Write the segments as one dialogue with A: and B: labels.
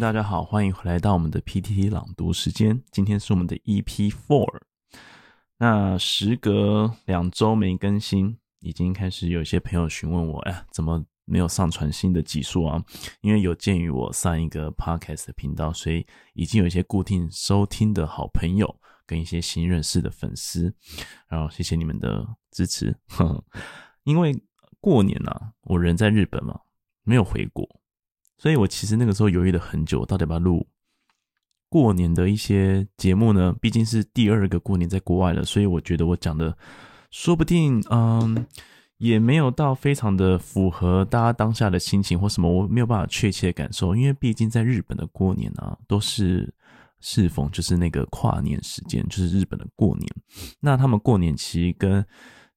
A: 大家好，歡迎回來到我們的 PTT 朗讀時間。今天是我們的 EP Four。那時隔兩週沒更新，已經開始有一些朋友詢問我：“哎，怎麼沒有上傳新的技術啊？”因為有鑑於我上一個 Podcast 的頻道，所以已經有一些固定收聽的好朋友跟一些新認識的粉絲。然後謝謝你們的支持。 因為過年啊，我人在日本嘛，沒有回國。所以，我其實那個時候猶豫了很久，到底要不要錄過年的一些節目呢？畢竟是第二個過年在國外了，所以我覺得我講的，說不定，嗯，也沒有到非常的符合大家當下的心情或什麼，我沒有辦法確切的感受，因為畢竟在日本的過年呢、啊，都是適逢就是那個跨年時間，就是日本的過年，那他們過年其實跟。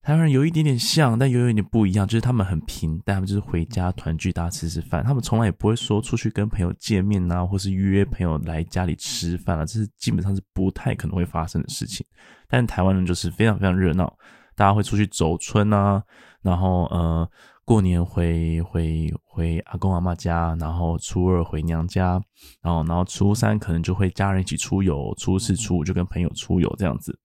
A: 台灣人有一點點像，但有一點不一樣。就是他們很平淡，他們就是回家團聚，大家吃吃飯。他們從來也不會說出去跟朋友見面啊，或是約朋友來家裡吃飯啊，這是基本上是不太可能會發生的事情。但台灣人就是非常非常熱鬧，大家會出去走春啊，然後呃，過年回回回阿公阿媽家，然後初二回娘家，然後、哦、然後初三可能就會家人一起出遊，初四初五就跟朋友出遊這樣子，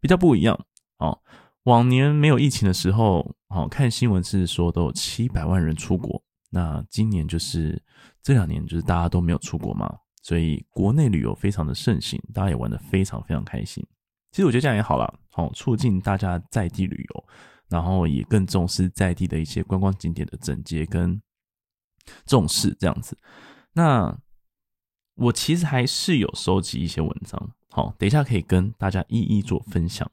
A: 比較不一樣啊。哦往年沒有疫情的時候，好，看新聞是說都有七百萬人出國。那今年就是這兩年，就是大家都沒有出國嘛，所以國內旅遊非常的盛行，大家也玩得非常非常開心。其實我覺得這樣也好啦，好促進大家在地旅遊，然後也更重視在地的一些觀光景點的整潔跟重視這樣子。那我其實還是有收集一些文章，好等一下可以跟大家一一做分享。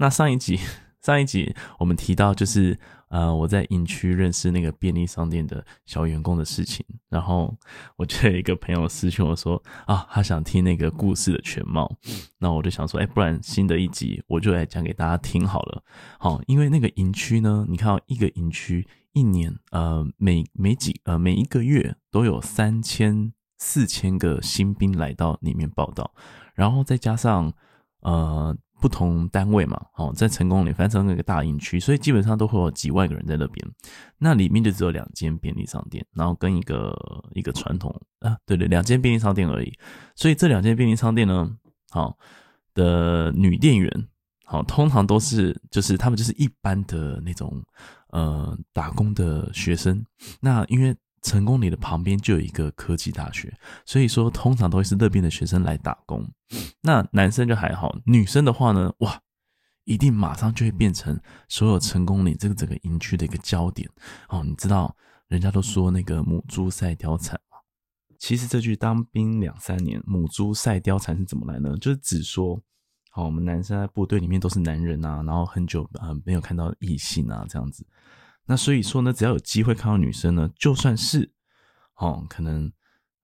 A: 那上一集，上一集我們提到，就是呃，我在營區認識那個便利商店的小員工的事情。然後我就有一個朋友私訊我說，啊，他想聽那個故事的全貌。那我就想說，哎、欸，不然新的一集我就來講給大家聽好了。好，因為那個營區呢，你看到一個營區一年，呃，每每幾呃，每一個月都有三千、四千個新兵來到裡面報到，然後再加上呃。不同單位嘛，哦，在成功嶺翻成一個大營區，所以基本上都會有幾萬個人在那邊。那裡面就只有兩間便利商店，然後跟一個一個傳統啊，對對對，兩間便利商店而已。所以這兩間便利商店呢，好，的女店員好，通常都是就是他們就是一般的那種呃打工的學生。那因為成功嶺的旁邊就有一個科技大學，所以說通常都會是那邊的學生來打工。那男生就還好，女生的話呢，哇，一定馬上就會變成所有成功嶺這個整個營區的一個焦點哦。你知道，人家都說那個母豬賽貂蟬嘛，其實這句當兵兩三年，母豬賽貂蟬是怎麼來呢？就是只說，好、哦，我們男生在部隊裡面都是男人啊，然後很久沒有看到異性啊，這樣子。那所以說呢，只要有機會看到女生呢，就算是，哦，可能，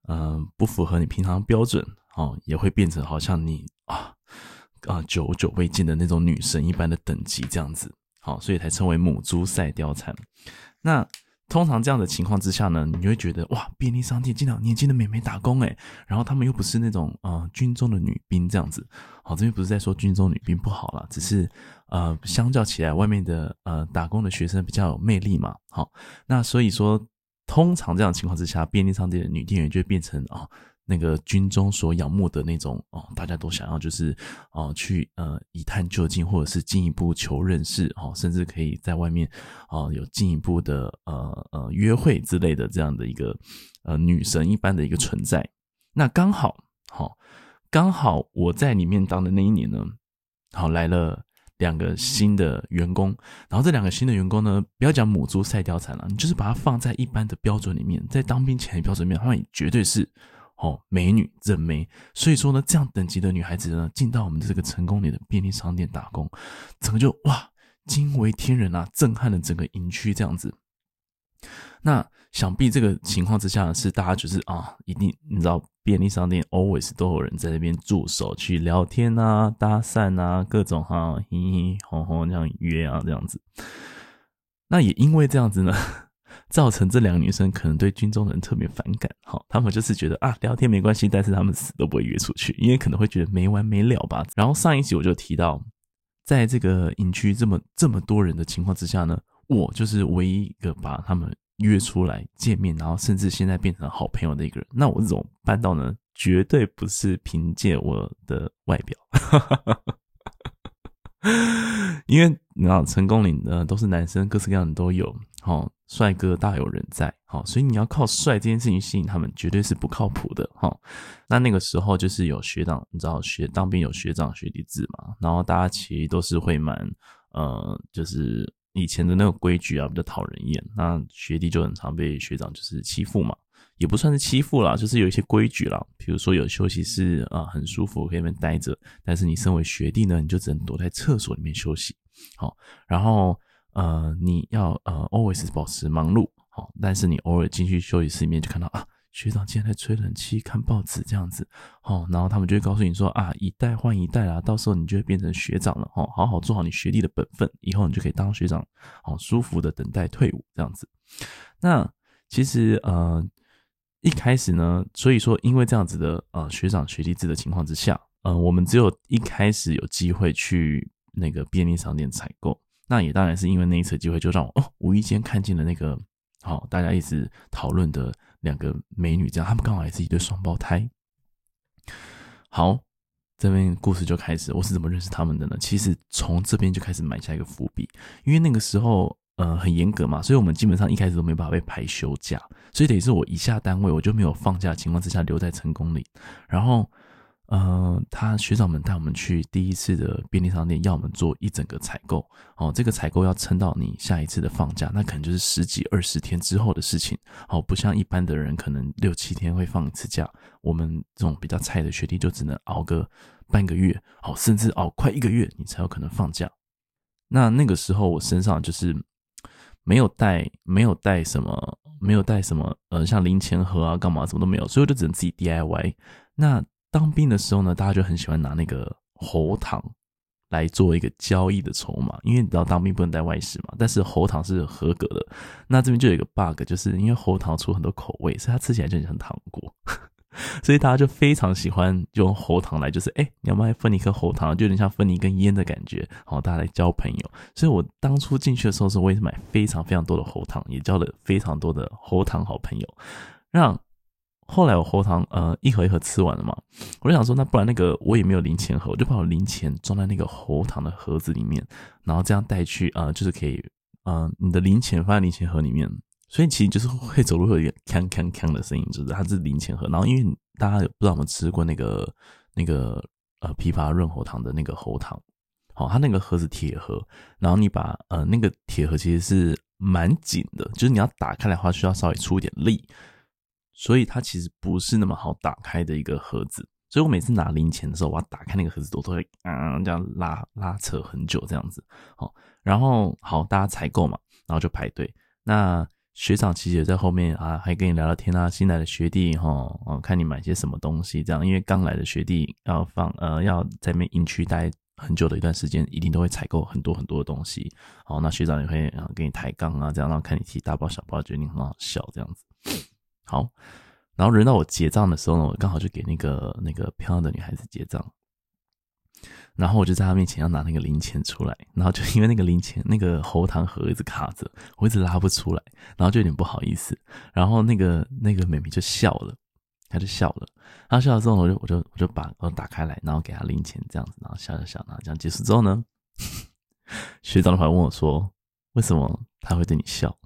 A: 嗯、呃，不符合你平常標準，哦，也會變成好像你啊，啊，久久未見的那種女神一般的等級這樣子，好、哦，所以才稱為母豬賽貂蟬。那。通常這樣的情況之下呢，你就會覺得哇，便利商店竟然年輕的美眉打工誒、欸，然後他們又不是那種呃軍中的女兵這樣子，好、哦，這邊不是在說軍中女兵不好了，只是呃，相較起來，外面的呃打工的學生比較有魅力嘛，好、哦，那所以說，通常這樣的情況之下，便利商店的女店員就會變成啊。哦那個軍中所仰慕的那種哦，大家都想要就是哦，去呃一探究竟，或者是進一步求認識哦，甚至可以在外面啊、哦、有進一步的呃呃約會之類的這樣的一個呃女神一般的一個存在。那剛好好，剛、哦、好我在裡面當的那一年呢，好來了兩個新的員工，然後這兩個新的員工呢，不要講母豬賽貂蟬了，你就是把他放在一般的標準裡面，在當兵前的標準裡面，他們也絕對是。哦，美女，人美，所以說呢，這樣等級的女孩子呢，進到我們的這個成功嶺的便利商店打工，整個就哇，驚為天人啊，震撼了整個營區這樣子。那想必這個情況之下，是大家就是啊，一定你知道，便利商店 always 都有人在那邊駐守，去聊天啊、搭訕啊、各種哈、嘻嘻、哄哄這樣約啊，這樣子。那也因為這樣子呢。造成這兩個女生可能對軍中的人特別反感，好，他們就是覺得啊，聊天沒關係，但是他們死都不會約出去，因為可能會覺得沒完沒了吧。然後上一集我就提到，在這個營區這麼這麼多人的情況之下呢，我就是唯一一個把他們約出來見面，然後甚至現在變成好朋友的一個人。那我這種辦到呢？絕對不是憑借我的外表， 因為你知道成功嶺呢都是男生，各式各樣的都有。好，帥哥大有人在。好，所以你要靠帥這件事情吸引他們，絕對是不靠譜的。哈，那那個時候就是有學長，你知道學當兵有學長學弟制嘛？然後大家其實都是會蠻呃，就是以前的那個規矩啊，比較討人厭。那學弟就很常被學長就是欺負嘛，也不算是欺負啦，就是有一些規矩啦。比如說有休息室啊、呃，很舒服可以那邊待着，但是你身為學弟呢，你就只能躲在廁所裡面休息。好，然後。呃，你要呃，always 保持忙碌，好，哦，但是你偶爾進去休息室裡面，就看到啊，學長竟然在吹冷氣、看報紙這樣子，好，哦，然後他們就會告訴你說啊，一代換一代啦，啊，到時候你就會變成學長了，哦，好好做好你學弟的本分，以後你就可以當學長，好，舒服的等待退伍這樣子。那其實呃，一開始呢，所以說因為這樣子的呃學長學弟制的情況之下，呃，我們只有一開始有機會去那個便利商店採購。那也當然是因為那一次機會，就讓我哦無意間看見了那個好、哦，大家一直討論的兩個美女，這樣她們剛好也是一對雙胞胎。好，這邊故事就開始，我是怎麼認識他們的呢？其實從這邊就開始埋下一個伏筆，因為那個時候呃很嚴格嘛，所以我們基本上一開始都沒辦法被排休假，所以等於是我一下單位我就沒有放假情況之下留在成功嶺，然後。呃，他學長們帶我們去第一次的便利商店，要我們做一整個採購。哦，這個採購要撐到你下一次的放假，那可能就是十幾二十天之後的事情。哦，不像一般的人，可能六七天會放一次假。我們這種比較菜的學弟，就只能熬個半個月，哦，甚至熬快一個月，你才有可能放假。那那個時候，我身上就是沒有帶，沒有帶什麼，沒有帶什麼，呃，像零錢盒啊，幹嘛什麼都沒有，所以我就只能自己 DIY。那。當兵的時候呢，大家就很喜歡拿那個喉糖來做一個交易的籌碼，因為你知道當兵不能帶外食嘛，但是喉糖是合格的。那這邊就有一個 bug，就是因為喉糖出很多口味，所以它吃起來就很像糖果， 所以大家就非常喜歡用喉糖來，就是哎、欸，你要不要分你一顆喉糖？就有點像分你一根菸的感覺，好，大家來交朋友。所以我當初進去的時候，是我也是買非常非常多的喉糖，也交了非常多的喉糖好朋友，讓。後來我喉糖呃一盒一盒吃完了嘛，我就想說，那不然那個我也沒有零錢盒，我就把我零錢裝在那個喉糖的盒子裡面，然後這樣帶去啊、呃，就是可以啊、呃，你的零錢放在零錢盒裡面，所以其實就是會走路會有一個鏗鏗鏗的聲音，就是它是零錢盒。然後因為大家也不知道我們吃過那個那個呃枇杷潤喉糖的那個喉糖，好，它那個盒子鐵盒，然後你把呃那個鐵盒其實是蠻緊的，就是你要打開來的話需要稍微出一點力。所以它其實不是那麼好打開的一個盒子，所以我每次拿零錢的時候，我要打開那個盒子都都會啊、呃、這樣拉拉扯很久這樣子。好，然後好大家採購嘛，然後就排隊。那學長、其實也在後面啊，還跟你聊聊天啊。新來的學弟哈看你買些什麼東西這樣，因為剛來的學弟要放呃要在那邊營區待很久的一段時間，一定都會採購很多很多的東西。好，那學長也會啊跟你抬槓啊這樣，然後看你提大包小包，覺得你很好笑這樣子。好，然後輪到我結賬的時候呢，我剛好就給那個那個漂亮的女孩子結賬，然後我就在她面前要拿那個零錢出來，然後就因為那個零錢那個喉糖盒一直卡着，我一直拉不出來，然後就有點不好意思，然後那個那個美眉就笑了，她就笑了，她笑了之後，我就我就我就把我打開來，然後給她零錢這樣子，然後笑着笑，然後這樣結束之後呢，學長的話問我說，為什麼他會對你笑？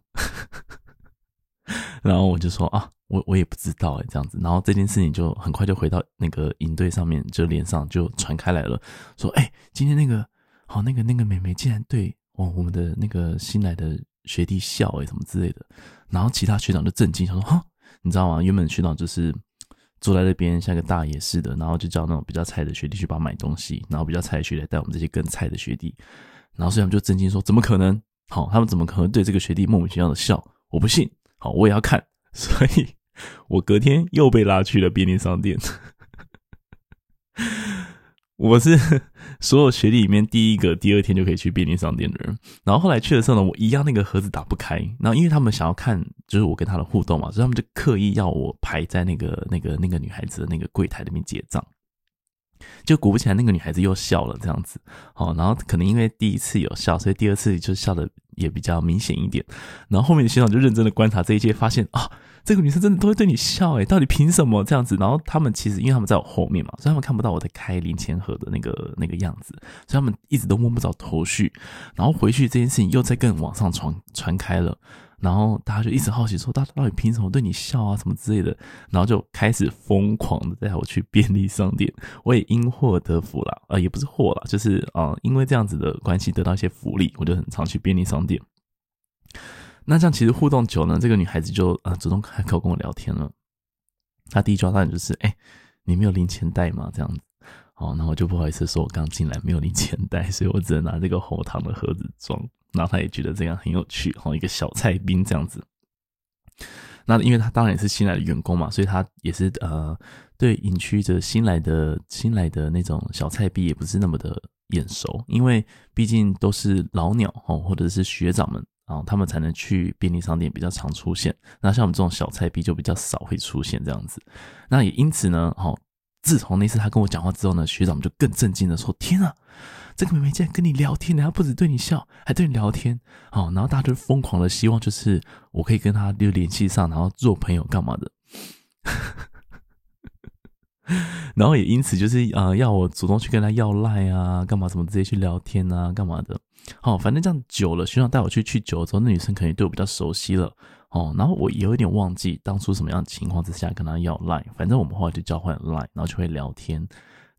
A: 然後我就說啊，我我也不知道誒這樣子。然後這件事情就很快就回到那個營隊上面，就臉上就傳開來了，說哎、欸，今天那個好那個那個妹妹竟然對哦我們的那個新來的學弟笑哎什麼之類的。然後其他學長就震驚，他說哈、啊，你知道嗎？原本學長就是坐在那邊像個大爺似的，然後就叫那種比較菜的學弟去幫買東西，然後比較菜的學弟來帶我們這些更菜的學弟。然後所以他們就震驚說，怎麼可能？好、哦，他們怎麼可能對這個學弟莫名其妙的笑？我不信。好，我也要看，所以我隔天又被拉去了便利商店。 我是所有學歷裡面第一個第二天就可以去便利商店的人。然後後來去的時候呢，我一樣那個盒子打不開。然後因為他們想要看，就是我跟他的互動嘛，所以他們就刻意要我排在那個那個那個女孩子的那個櫃檯裡面結賬。就果不其然，那個女孩子又笑了這樣子。好，然後可能因為第一次有笑，所以第二次就笑的也比較明顯一點，然後後面的學長就認真的觀察這一切，發現啊，這個女生真的都會對你笑，欸，哎，到底憑什麼這樣子？然後他們其實因為他們在我後面嘛，所以他們看不到我在開零錢盒的那個那個樣子，所以他們一直都摸不着頭緒。然後回去這件事情又在更往上傳傳開了。然後大家就一直好奇說，說他到底憑什麼對你笑啊，什麼之類的，然後就開始瘋狂的帶我去便利商店，我也因禍得福了，呃，也不是禍啦，就是呃，因為這樣子的關係得到一些福利，我就很常去便利商店。那像其實互動久呢，這個女孩子就啊、呃、主動開口跟我聊天了。她第一句話當然就是，哎，你沒有零錢袋嗎？這樣子。哦，那我就不好意思說我剛進來沒有零錢袋，所以我只能拿這個紅糖的盒子裝。然後他也覺得這樣很有趣，一個小菜兵這樣子。那因為他當然也是新來的員工嘛，所以他也是呃對營區的新來的新來的那種小菜兵也不是那麼的眼熟，因為畢竟都是老鳥或者是學長們啊，他們才能去便利商店比較常出現。那像我們這種小菜兵就比較少會出現這樣子。那也因此呢，吼。自從那次他跟我講話之後呢，學長們就更震驚的說：“天啊，這個妹妹竟然跟你聊天，然後不止對你笑，還對你聊天。”好，然後大家就瘋狂的希望，就是我可以跟她就聯繫上，然後做朋友幹嘛的。 然後也因此就是呃，要我主動去跟她要賴啊，幹嘛什麼直接去聊天啊，幹嘛的。好，反正這樣久了，學長帶我去去久了之後，那女生肯定對我比較熟悉了。哦，然後我也有一點忘記當初什麼樣的情況之下跟他要 Line，反正我們後來就交換 Line，然後就會聊天。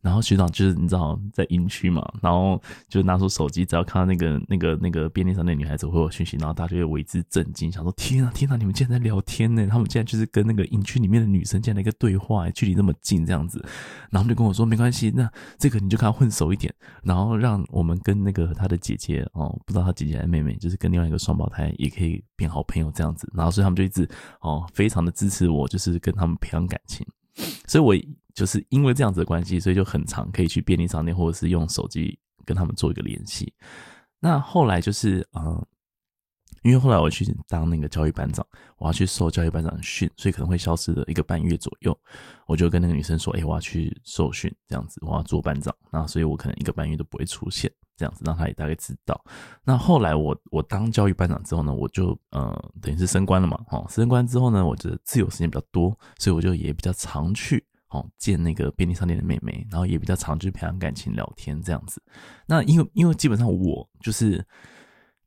A: 然後學長就是你知道在營區嘛，然後就拿出手機，只要看到那個那個、那個、那個便利商店的女孩子會有訊息，然後大家就會為之震驚，想說天啊天啊，你們竟然在聊天呢？他們竟然就是跟那個營區裡面的女生這樣的一個對話，距離那麼近這樣子，然後他們就跟我說沒關係，那這個你就跟他混熟一點，然後讓我們跟那個他的姐姐哦，不知道他姐姐還是妹妹，就是跟另外一個雙胞胎也可以變好朋友這樣子，然後所以他們就一直哦非常的支持我，就是跟他們培養感情，所以我。就是因為這樣子的關係，所以就很常可以去便利商店，或者是用手機跟他們做一個聯繫。那後來就是呃，因為後來我去當那個教育班長，我要去受教育班長訓，所以可能會消失的一個半月左右。我就跟那個女生說：“欸，我要去受訓，這樣子我要做班長，那所以我可能一個半月都不會出現，這樣子讓她也大概知道。”那後來我我當教育班長之後呢，我就呃等於是升官了嘛，哈，升官之後呢，我覺得自由時間比較多，所以我就也比較常去。哦，見那個便利商店的妹妹，然後也比較常去培養感情、聊天這樣子。那因為因為基本上我就是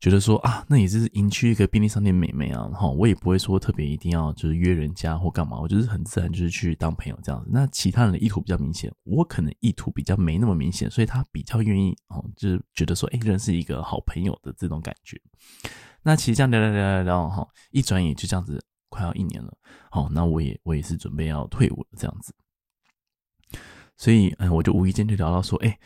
A: 覺得說啊，那也是營區一個便利商店的妹妹啊，哈，我也不會說特別一定要就是約人家或幹嘛，我就是很自然就是去當朋友這樣子。那其他人的意圖比較明顯，我可能意圖比較沒那麼明顯，所以他比較願意哦，就是覺得說哎、欸，認識一個好朋友的這種感覺。那其實這樣聊聊聊聊聊哈，一轉眼就這樣子快要一年了。好，那我也我也是準備要退伍了這樣子。所以、嗯，我就無意間就聊到說，哎、欸，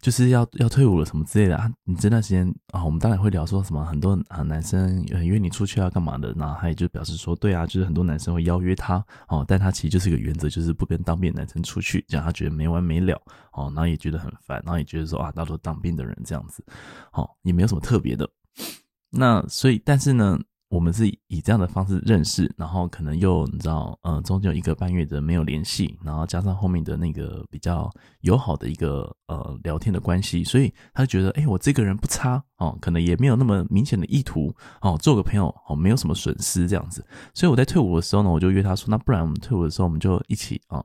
A: 就是要要退伍了什麼之類的啊。你這段時間啊，我們當然會聊說什麼，很多、啊、男生約你出去啊幹嘛的、啊，然後他也就表示說，對啊，就是很多男生會邀約他哦，但他其實就是一個原則，就是不跟當兵的男生出去，這樣他覺得沒完沒了哦，然後也覺得很煩，然後也覺得說啊，到時候當兵的人這樣子，好、哦，也沒有什麼特別的。那所以，但是呢。我們是以這樣的方式認識，然後可能又你知道，呃，中間有一個半月的沒有聯繫，然後加上後面的那個比較友好的一個呃聊天的關係，所以他就覺得，哎，我這個人不差哦，可能也沒有那麼明顯的意圖哦，做個朋友哦，沒有什麼損失這樣子。所以我在退伍的時候呢，我就約他說，那不然我們退伍的時候我們就一起啊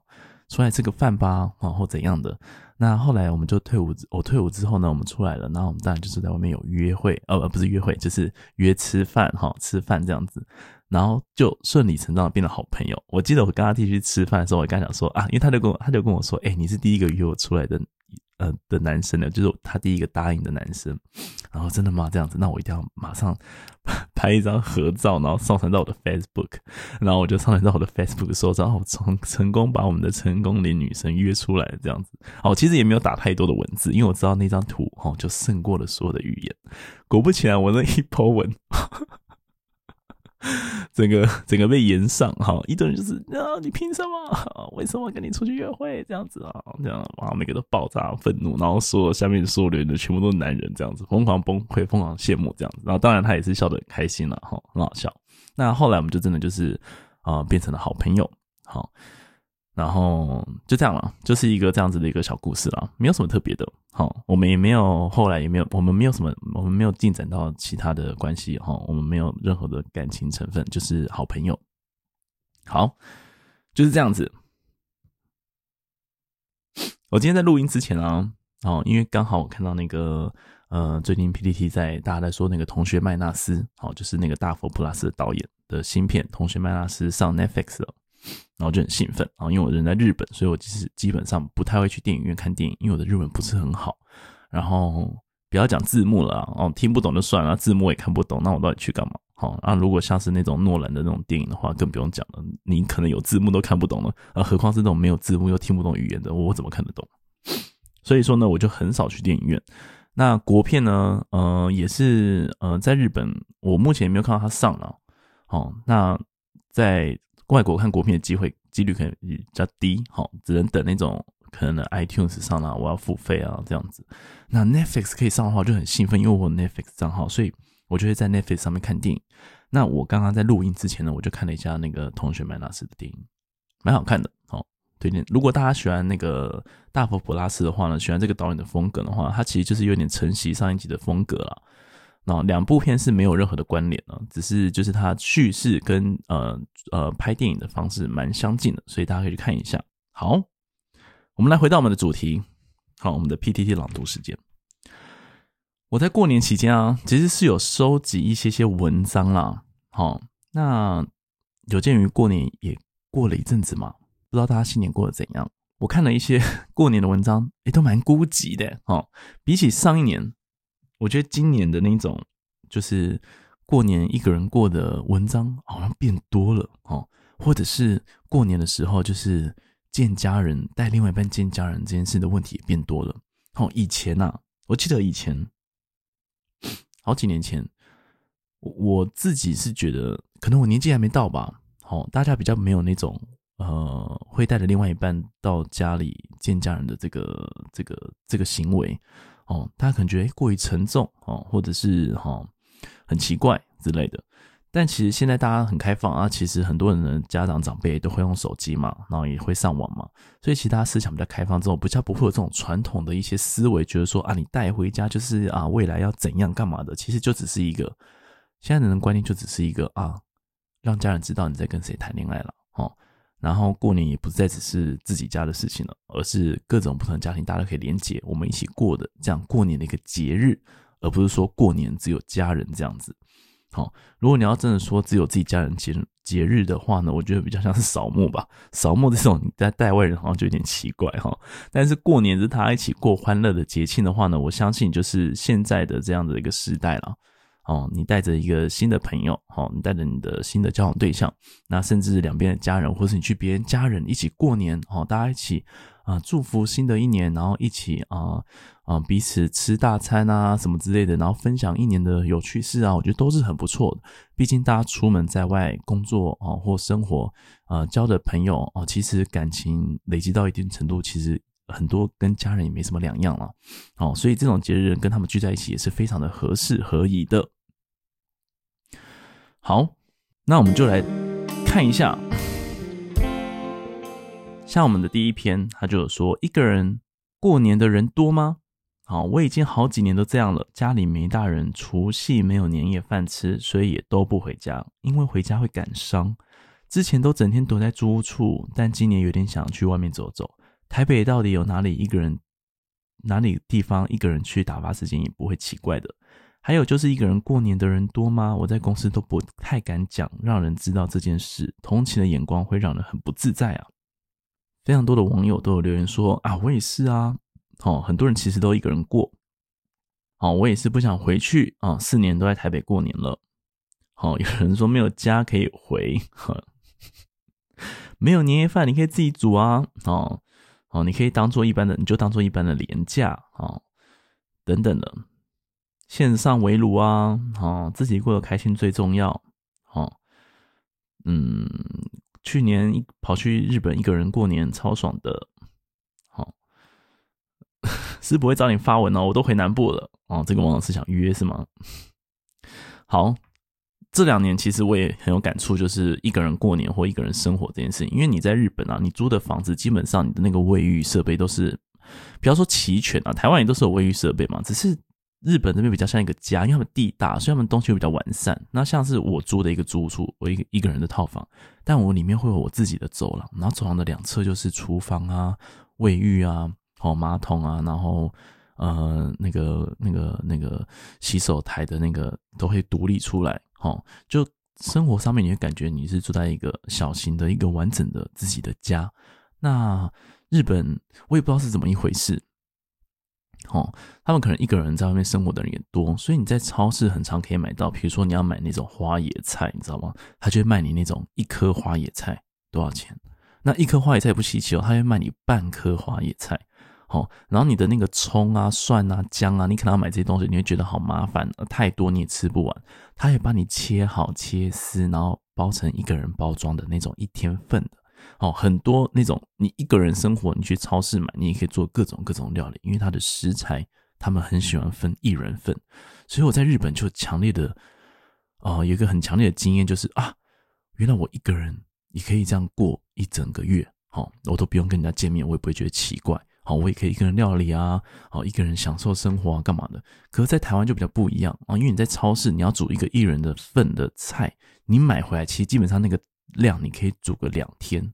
A: 出來吃個飯吧啊，或怎樣的。那後來我們就退伍，我、哦、退伍之後呢，我們出來了，然後我們當然就是在外面有約會，呃，不是約會，就是約吃飯，哈，吃飯這樣子，然後就順理成章的變了好朋友。我記得我跟他一起吃飯的時候，我跟他講說啊，因為他就跟我他就跟我說，哎、欸，你是第一個約我出來的。呃的男生呢，就是他第一個答應的男生，然後真的嗎？這樣子，那我一定要馬上拍一張合照，然後上傳到我的 Facebook，然後我就上傳到我的 Facebook 的時候，哦、啊，從成功把我們的成功嶺女神約出來，這樣子，哦，其實也沒有打太多的文字，因為我知道那張圖哦、喔、就勝過了所有的語言，果不其然，我那一 PO 文。 整個整個被炎上哈，一頓，就是啊，你憑什麼、啊？為什麼跟你出去約會這樣子啊？這樣，哇，每個都爆炸憤怒，然後說下面說的人全部都是男人，這樣子，瘋狂崩潰，瘋狂羨慕這樣子。然後當然他也是笑得很開心了、啊、哈，很好笑。那後來我們就真的就是啊、呃，變成了好朋友，好。然後就這樣了，就是一個這樣子的一個小故事了，沒有什麼特別的。好、哦，我們也沒有後來也沒有，我們沒有什麼，我們沒有進展到其他的關係哈、哦，我們沒有任何的感情成分，就是好朋友。好，就是這樣子。我今天在錄音之前啊，哦，因為剛好我看到那個呃，最近 PTT 在大家在說那個《同學麥納斯》哦，好，就是那個大佛普拉斯的導演的新片《同學麥納斯》上 Netflix 了。然後就很興奮啊，因為我人在日本，所以我其實基本上不太會去電影院看電影，因為我的日文不是很好。然後不要講字幕了啊，哦，聽不懂就算了，字幕也看不懂，那我到底去幹嘛？哦，那、啊、如果像是那種諾蘭的那種電影的話，更不用講了，你可能有字幕都看不懂了啊，何況是那種沒有字幕又聽不懂語言的，我怎麼看得懂？所以說呢，我就很少去電影院。那國片呢，嗯、呃，也是嗯、呃，在日本我目前也沒有看到它上了。哦，那在。外國看國片的機會幾率可能比較低，好，只能等那種可能的 iTunes 上啦、啊，我要付費啊這樣子。那 Netflix 可以上的話，就很興奮，因為我有 Netflix 賬號，所以我就會在 Netflix 上面看電影。那我剛剛在錄音之前呢，我就看了一下那個同學麥娜絲的電影，蠻好看的，哦。推薦。如果大家喜歡那個大佛普拉斯的話呢，喜歡這個導演的風格的話，他其實就是有點承襲上一集的風格了。那兩部片是沒有任何的關聯的，只是就是它敘事跟呃呃拍電影的方式蠻相近的，所以大家可以去看一下。好，我們來回到我們的主題，好，哦，我們的 PTT 朗讀時間。我在過年期間啊，其實是有收集一些些文章啦。好，哦，那有鑑於過年也過了一陣子嘛，不知道大家新年過得怎樣？我看了一些過年的文章，也都蠻孤寂的哦，比起上一年。我覺得今年的那種，就是過年一個人過的文章好像變多了哦，或者是過年的時候，就是見家人帶另外一半見家人這件事的問題也變多了。哦，以前吶，啊，我記得以前好幾年前，我自己是覺得可能我年紀還沒到吧，大家比較沒有那種呃，會帶着另外一半到家裡見家人的這個這個這個行為。哦，大家可能覺得、欸、過於沉重哦，或者是哦，很奇怪之類的。但其實現在大家很開放啊，其實很多人的家長長輩都會用手機嘛，然後也會上網嘛，所以其他思想比較開放之後，這種比較不會有這種傳統的一些思維，覺得說啊，你帶回家就是啊，未來要怎樣幹嘛的，其實就只是一個現在人的觀念，就只是一個啊，讓家人知道你在跟誰談戀愛了哦。然後過年也不再只是自己家的事情了，而是各種不同的家庭，大家可以連接我們一起過的這樣過年的一個節日，而不是說過年只有家人這樣子。好、哦，如果你要真的說只有自己家人節日節日的話呢，我覺得比較像是掃墓吧，掃墓這種你在帶，帶外人好像就有點奇怪哈、哦。但是過年是他一起過歡樂的節慶的話呢，我相信就是現在的這樣的一個時代了。哦，你帶着一個新的朋友，哦，你帶着你的新的交往對象，那甚至兩邊的家人，或是你去別人家人一起過年，哦，大家一起啊、呃、祝福新的一年，然後一起啊啊、呃呃、彼此吃大餐啊什麼之類的，然後分享一年的有趣事啊，我覺得都是很不錯的。畢竟大家出門在外工作啊、哦、或生活啊、呃、交的朋友啊、哦，其實感情累積到一定程度，其實很多跟家人也沒什麼兩樣了，哦，所以這種節日跟他們聚在一起也是非常的合適合宜的。好，那我們就來看一下，像我們的第一篇，他就有說一個人過年的人多嗎？好，我已經好幾年都這樣了，家裡沒大人，除夕沒有年夜飯吃，所以也都不回家，因為回家會感傷。之前都整天躲在租屋處，但今年有點想去外面走走。台北到底有哪裡一個人，哪裡地方一個人去打發時間也不會奇怪的。還有就是一個人過年的人多嗎？我在公司都不太敢講，讓人知道這件事，同情的眼光會讓人很不自在啊。非常多的網友都有留言說啊，我也是啊，哦，很多人其實都一個人過，哦，我也是不想回去啊、哦，四年都在台北過年了，哦，有人說沒有家可以回，呵呵，沒有年夜飯你可以自己煮啊，哦，哦，你可以當做一般的，你就當做一般的連假哦，等等的。線上圍爐啊，好、哦，自己過得開心最重要。好、哦，嗯，去年跑去日本一個人過年，超爽的。好、哦，是不會找你發文哦，我都回南部了。哦，這個王老師想預約是嗎？好，這兩年其實我也很有感觸，就是一個人過年或一個人生活這件事情，因為你在日本啊，你租的房子基本上你的那個衛浴設備都是，比方說齊全啊，台灣也都是有衛浴設備嘛，只是。日本這邊比較像一個家，因為他們地大，所以他們東西比較完善。那像是我租的一個住處，我一個一個人的套房，但我裡面會有我自己的走廊，然後走廊的兩側就是廚房啊、衛浴啊、哦、馬桶啊，然後呃，那個、那個、那個洗手台的那個都會獨立出來。哦，就生活上面，你會感覺你是住在一個小型的一個完整的自己的家。那日本，我也不知道是怎麼一回事。哦，他們可能一個人在外面生活的人也多，所以你在超市很常可以買到，比如說你要買那種花椰菜，你知道嗎？他就會賣你那種一顆花椰菜多少錢？那一顆花椰菜也不稀奇哦，他會賣你半顆花椰菜。哦，然後你的那個蔥啊、蒜啊、薑啊，你可能要買這些東西，你會覺得好麻煩啊，太多你也吃不完，他也幫你切好切絲，然後包成一個人包裝的那種一天份的。哦，很多那種你一個人生活，你去超市買，你也可以做各種各種料理，因為它的食材他們很喜歡分一人份，所以我在日本就強烈的，啊、呃，有一個很強烈的經驗就是啊，原來我一個人也可以這樣過一整個月，好、哦，我都不用跟人家見面，我也不會覺得奇怪，好，我也可以一個人料理啊，好、哦，一個人享受生活啊，幹嘛的？可是，在台灣就比較不一樣啊、哦，因為你在超市你要煮一個一人的份的菜，你買回來其實基本上那個量你可以煮個兩天。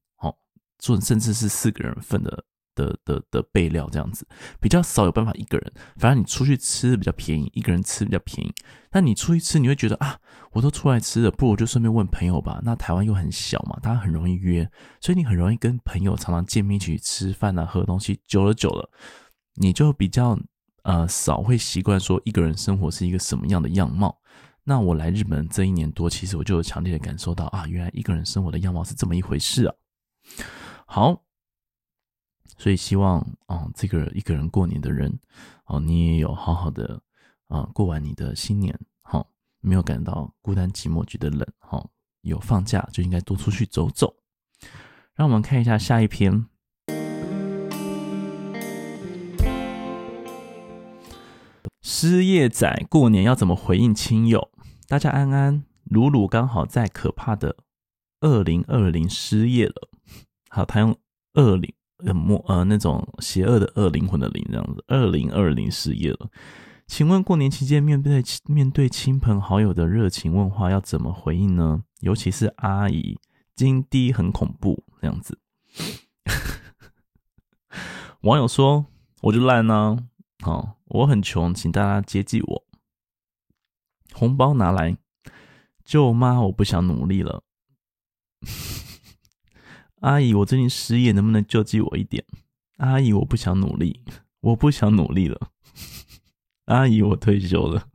A: 做甚至是四個人份的的的的，的備料這樣子比較少有辦法一個人，反正你出去吃比較便宜，一個人吃比較便宜。那你出去吃，你會覺得啊，我都出來吃了，不如就順便問朋友吧。那台灣又很小嘛，大家很容易約，所以你很容易跟朋友常常見面，一起去吃飯啊，喝東西。久了久了，你就比較呃少會習慣說一個人生活是一個什麼樣的樣貌。那我來日本這一年多，其實我就有強烈的感受到啊，原來一個人生活的樣貌是這麼一回事啊。好，所以希望啊，這、嗯、個一個人過年的人，啊、嗯，你也有好好的啊、嗯，過完你的新年，好、嗯，沒有感到孤單寂寞，覺得冷，好、嗯，有放假就應該多出去走走。讓我們看一下下一篇。失業仔過年要怎麼回應親友？大家安安，魯魯剛好在可怕的二零二零失業了。好，他用惡靈，冷、嗯、漠呃那種邪惡的惡靈魂的靈這樣子，二零二零失業了。請問過年期間面對面對親朋好友的熱情問話要怎麼回應呢？尤其是阿姨金低很恐怖這樣子。 網友說我就爛呢、啊，好，我很窮，請大家接濟我，紅包拿來。舅媽，我不想努力了。 阿姨，我最近失業，能不能救濟我一點？阿姨，我不想努力，我不想努力了。 阿姨，我退休了。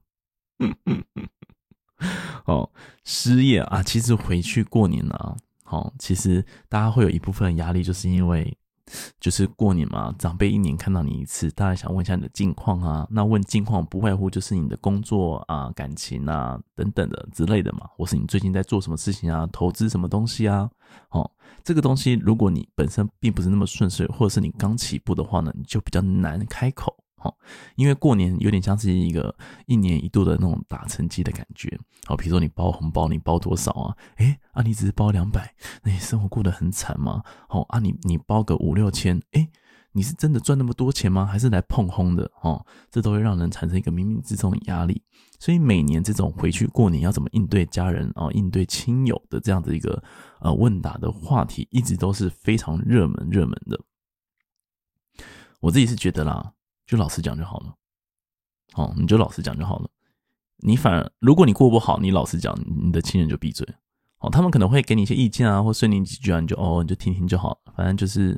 A: 哦，， 失業啊，其實回去過年啊，好，其實大家會有一部分的壓力，就是因為。就是過年嘛，長輩一年看到你一次，大家想問一下你的近況啊。那問近況不外乎就是你的工作啊、感情啊等等的之類的嘛，或是你最近在做什麼事情啊、投資什麼東西啊。哦，這個東西如果你本身並不是那麼順遂，或者是你剛起步的話呢，你就比較難開口。好，因為過年有點像是一個一年一度的那種打成績的感覺。好，比如說你包紅包，你包多少啊？哎，啊，你只是包兩百，那你生活過得很慘嗎？好，啊，啊，你你包個五六千，哎，你是真的賺那麼多錢嗎？還是來碰轟的？哦，這都會讓人產生一個冥冥之中的壓力。所以每年這種回去過年要怎麼應對家人啊，應對親友的這樣的一個呃問答的話題，一直都是非常熱門熱門的。我自己是覺得啦。就老實講就好了，哦，你就老實講就好了。你反而，如果你過不好，你老實講，你的親人就閉嘴。哦，他們可能會給你一些意見啊，或順你幾句啊，你就哦，你就聽聽就好，反正就是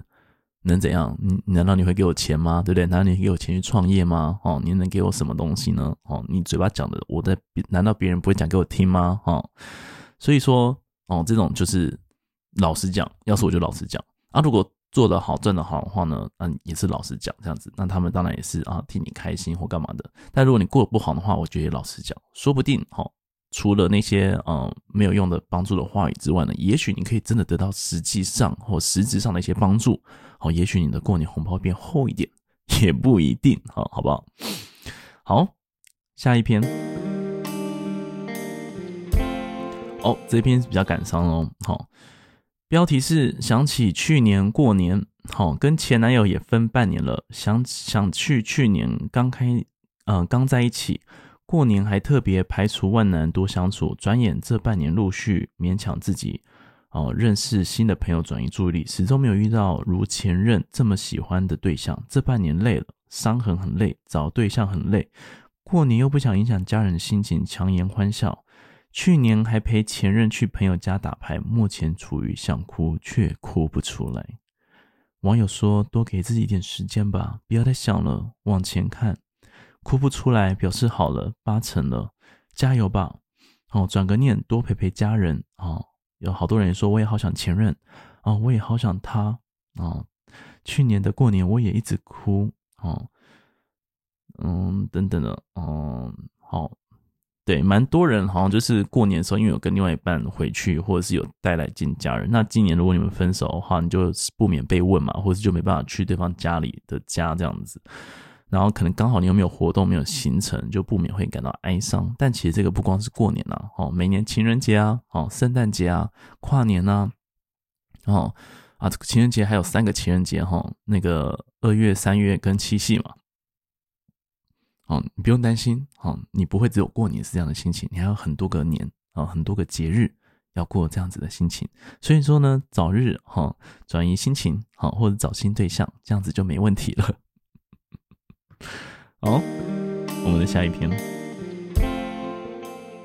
A: 能怎樣？你難道你會給我錢嗎？對不對？難道你給我錢去創業嗎？哦，你能給我什麼東西呢？哦，你嘴巴講的，我在難道別人不會講給我聽嗎？哦，所以說，哦，這種就是老實講，要是我就老實講啊，如果。做得好，賺的好的話呢，也是老實講，這樣子，那他們當然也是啊，替你開心或幹嘛的。但如果你過得不好的話，我覺得也老實講，說不定好，除了那些嗯、呃、沒有用的幫助的話語之外呢，也許你可以真的得到實際上或實質上的一些幫助。好，也許你的過年紅包變厚一點，也不一定，哈，好不好？好，下一篇。哦，這一篇是比較感傷哦，好。標題是想起去年過年，好、哦、跟前男友也分半年了，想想去去年剛開，嗯、呃、剛在一起，過年還特別排除萬難多相處，轉眼這半年陸續勉強自己，哦認識新的朋友轉移注意力，始終沒有遇到如前任這麼喜歡的對象，這半年累了，傷痕很累，找對象很累，過年又不想影響家人心情，強顏歡笑。去年還陪前任去朋友家打牌，目前處於想哭卻哭不出來。網友說：“多給自己一點時間吧，不要再想了，往前看。哭不出來，表示好了八成了，加油吧！哦，轉個念，多陪陪家人啊、哦。有好多人說我也好想前任啊、哦，我也好想他啊、哦。去年的過年我也一直哭啊、哦，嗯，等等的，嗯，好。”對，蠻多人好像就是過年的時候，因為有跟另外一半回去，或者是有帶來見家人。那今年如果你們分手的話，你就不免被問嘛，或者是就沒辦法去對方家裡的家這樣子。然後可能剛好你又沒有活動，沒有行程，就不免會感到哀傷。但其實這個不光是過年吶，哦，每年情人節啊，哦，聖誕節啊，跨年吶，哦，啊，這個情人節還有三個情人節哈，那個二月、三月跟七夕嘛。嗯、哦，你不用擔心哈、哦，你不會只有過年是這樣的心情，你還有很多個年啊、哦，很多個節日要過這樣子的心情。所以說呢，早日哈轉移心情好，或者找新對象，這樣子就沒問題了。好，我們的下一篇。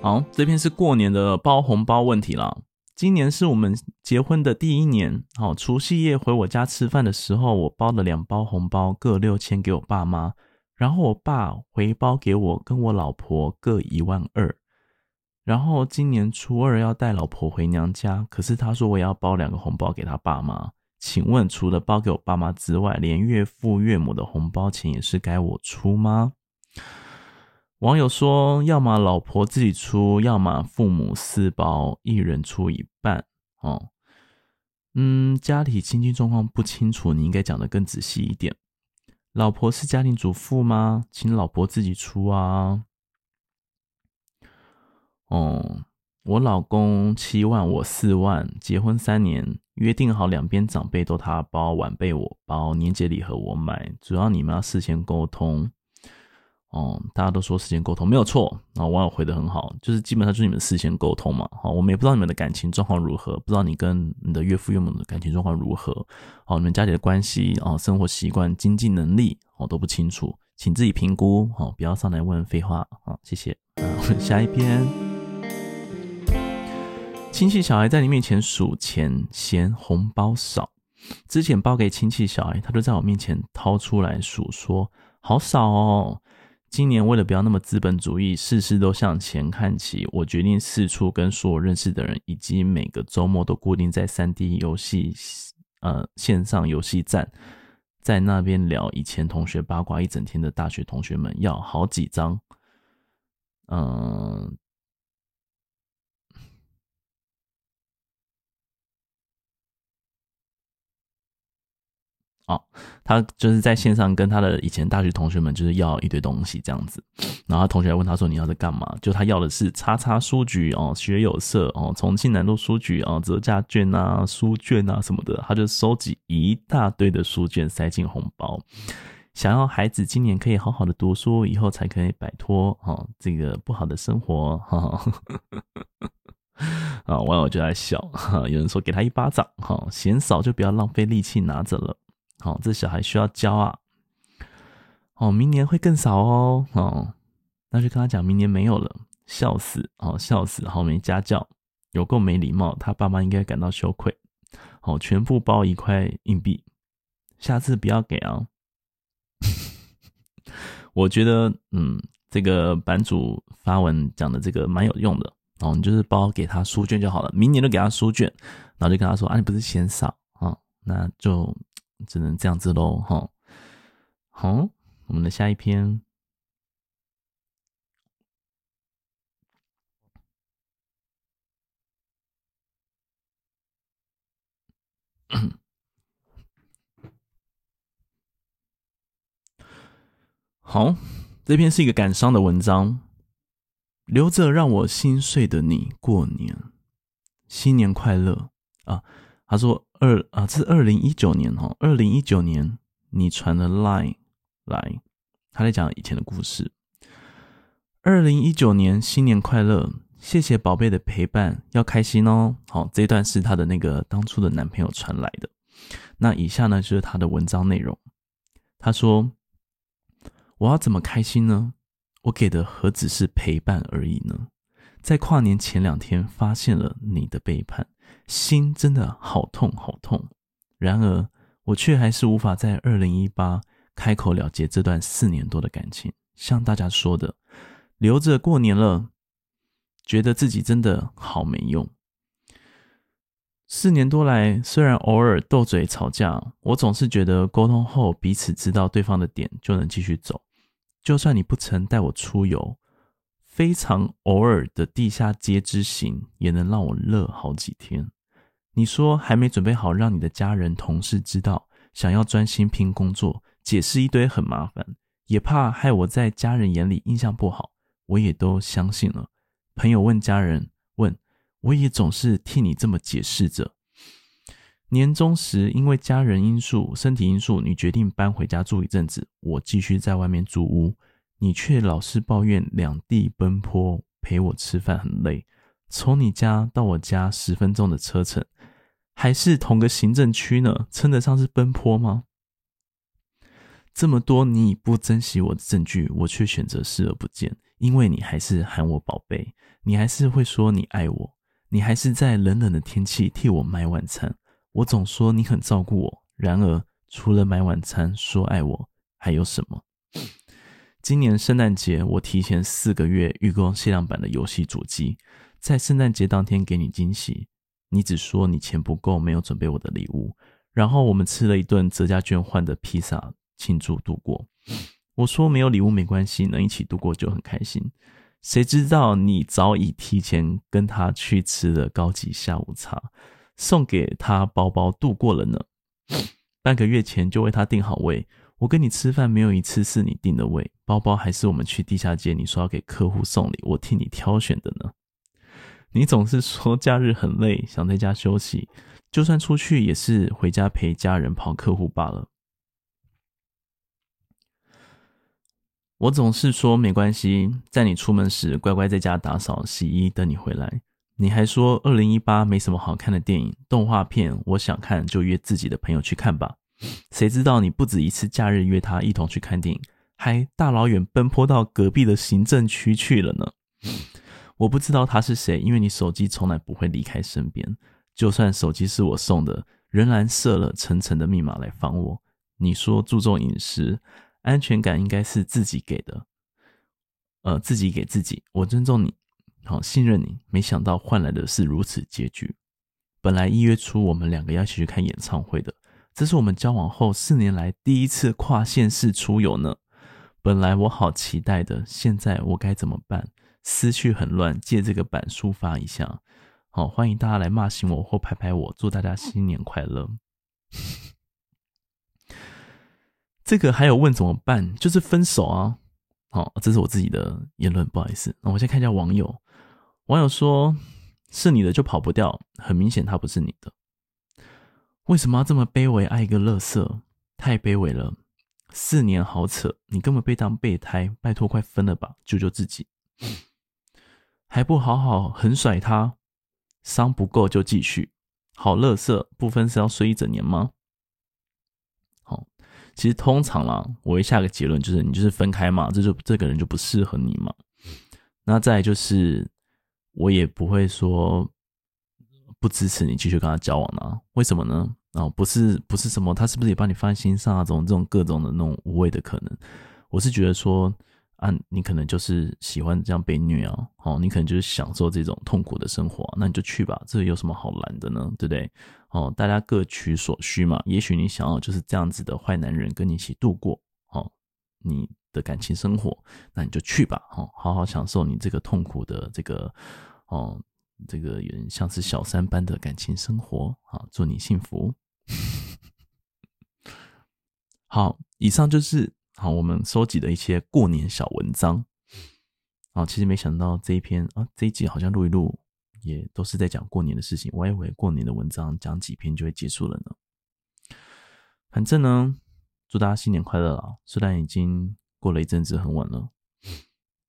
A: 好，這篇是過年的包紅包問題了。今年是我們結婚的第一年，好、哦，除夕夜回我家吃飯的時候，我包了兩包紅包，各六千給我爸媽。然後我爸回包給我跟我老婆各一萬二，然後今年初二要帶老婆回娘家，可是他說我也要包兩個紅包給他爸媽。請問除了包給我爸媽之外，連岳父岳母的紅包錢也是該我出嗎？網友說，要麼老婆自己出，要麼父母四包，一人出一半。哦，嗯，家裡經濟狀況不清楚，你應該講的更仔細一點。老婆是家庭主婦嗎？請老婆自己出啊。哦、嗯，我老公七萬，我四萬，結婚三年，約定好兩邊長輩都他包，晚輩我包，年節禮盒我買，主要你們要事先溝通。哦，大家都說事先溝通沒有錯。啊、哦，網友回的很好，就是基本上就是你們事先溝通嘛。好、哦，我們也不知道你們的感情狀況如何，不知道你跟你的岳父岳母的感情狀況如何。好、哦，你們家裡的關係啊、哦，生活習慣、經濟能力，我、哦、都不清楚，請自己評估。好、哦，不要上來問廢話。好、哦，謝謝。那我們下一篇，親戚小孩在你面前數錢，嫌紅包少。之前包給親戚小孩，他都在我面前掏出來數說，說好少哦。今年為了不要那麼資本主義，事事都向錢看齊，我決定四處跟所有認識的人，以及每個周末都固定在三 D 遊戲，呃，線上遊戲站，在那邊聊以前同學八卦一整天的大學同學們，要好幾張，嗯、呃。啊、哦，他就是在線上跟他的以前大學同學們就是要一堆東西這樣子，然後同學還問他說：“你要是幹嘛？”就他要的是叉叉書局哦，學友社哦，重慶南路書局哦，折價券啊，書卷啊什麼的，他就收集一大堆的書卷塞進紅包，想要孩子今年可以好好的讀書，以後才可以擺脫哈這個不好的生活哈。啊、哦，網 友、哦、就在笑哈、哦，有人說給他一巴掌哈，嫌、哦、少就不要浪費力氣拿着了。好、哦，這小孩需要教啊！哦，明年會更少哦。哦，那就跟他講，明年沒有了，笑死！好、哦、笑死！好沒家教，有夠沒禮貌。他爸媽應該感到羞愧。好、哦，全部包一塊硬幣，下次不要給啊！ 我覺得，嗯，這個版主發文講的這個蠻有用的哦，你就是包給他書券就好了，明年都給他書券，然後就跟他說啊，你不是嫌少啊、哦，那就。只能這樣子嘍，哈，好，我們的下一篇， 好，這篇是一個感傷的文章，留着讓我心碎的你過年，新年快樂啊！他說：“二啊，這是二零一九年哦，二零一九年你傳了 line 來，他在講以前的故事。二零一九年新年快樂，謝謝寶貝的陪伴，要開心哦。好，這段是他的那個當初的男朋友傳來的。那以下呢就是他的文章內容。他說：我要怎麼開心呢？我給的何止是陪伴而已呢？”在跨年前兩天，發現了你的背叛，心真的好痛好痛。然而，我卻還是無法在二零一八開口了結這段四年多的感情。像大家說的，留着過年了，覺得自己真的好沒用。四年多來，雖然偶爾鬥嘴吵架，我總是覺得溝通後彼此知道對方的點，就能繼續走。就算你不曾帶我出遊。非常偶爾的地下街之行也能讓我樂好幾天。你說還沒準備好讓你的家人同事知道，想要專心拼工作，解釋一堆很麻煩，也怕害我在家人眼裡印象不好，我也都相信了。朋友問家人，問我也總是替你這麼解釋着。年終時因為家人因素、身體因素，你決定搬回家住一陣子，我繼續在外面租屋。你卻老是抱怨兩地奔波，陪我吃飯很累。從你家到我家十分鐘的車程，還是同個行政區呢，稱得上是奔波嗎？這麼多你已不珍惜我的證據，我卻選擇視而不見，因為你還是喊我寶貝，你還是會說你愛我，你還是在冷冷的天氣替我買晚餐。我總說你很照顧我，然而除了買晚餐，說愛我，還有什麼？今年聖誕節，我提前四個月預購限量版的遊戲主機，在聖誕節當天給你驚喜。你只說你錢不夠，沒有準備我的禮物，然後我們吃了一頓折價券換的披薩慶祝度過。我說沒有禮物沒關係，能一起度過就很開心。誰知道你早已提前跟他去吃了高級下午茶，送給他包包度過了呢？半個月前就為他訂好位。我跟你吃飯沒有一次是你定的位，包包還是我們去地下街，你說要給客戶送禮，我替你挑選的呢。你總是說假日很累，想在家休息，就算出去也是回家陪家人、跑客戶罷了。我總是說沒關係，在你出門時乖乖在家打掃、洗衣，等你回來。你還說二零一八沒什麼好看的電影、動畫片，我想看就約自己的朋友去看吧。誰知道你不止一次假日約他一同去看電影，還大老遠奔波到隔壁的行政區去了呢？我不知道他是誰，因為你手機從來不會離開身邊。就算手機是我送的，仍然設了層層的密碼來防我。你說注重飲食，安全感應該是自己給的，呃，自己給自己。我尊重你，好、哦、信任你，沒想到換來的是如此結局。本來一月初我們兩個要一起去看演唱會的。這是我們交往後四年來第一次跨縣市出遊呢，本來我好期待的，現在我該怎麼辦？思緒很亂，借這個版抒發一下。好、哦，歡迎大家來罵醒我或拍拍我，祝大家新年快樂。 這個還有問怎麼辦？就是分手啊。好、哦，這是我自己的言論，不好意思。那、哦、我先看一下網友，網友說：“是你的就跑不掉，很明顯他不是你的。”為什麼要這麼卑微愛一個樂色？太卑微了，四年好扯，你根本被當備胎，拜託快分了吧，救救自己！還不好好狠甩他，傷不夠就繼續，好樂色不分是要睡一整年嗎？好，其實通常啦，我會下個結論就是你就是分開嘛，這就這個人就不適合你嘛。那再來就是，我也不會說不支持你繼續跟他交往啦，為什麼呢？哦，不是，不是什麼，他是不是也把你放在心上啊？這種、這種各種的那種無謂的可能，我是覺得說，啊，你可能就是喜歡這樣被虐啊，哦，你可能就是享受這種痛苦的生活、啊，那你就去吧，這有什麼好攔的呢？對不對？哦，大家各取所需嘛。也許你想要就是這樣子的壞男人跟你一起度過哦，你的感情生活，那你就去吧，哦，好好享受你這個痛苦的這個哦，這個有點像是小三般的感情生活，啊、哦，祝你幸福。好，以上就是好我們收集的一些過年小文章。啊、哦，其實沒想到這一篇啊，這一集好像錄一錄也都是在講過年的事情，我還以為過年的文章講幾篇就會結束了呢。反正呢，祝大家新年快樂啊！雖然已經過了一陣子很晚了，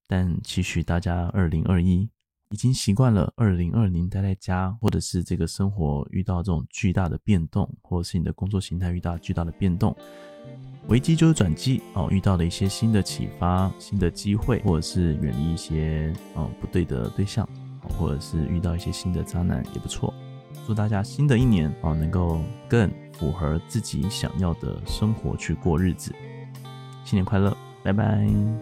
A: 但期許大家二零二一。已經習慣了二零二零待在家，或者是這個生活遇到這種巨大的變動，或者是你的工作形態遇到巨大的變動，危機就是轉機哦。遇到了一些新的啟發、新的機會，或者是遠離一些哦不對的對象，哦，或者是遇到一些新的渣男也不錯。祝大家新的一年，哦，能夠更符合自己想要的生活去過日子，新年快樂，拜拜。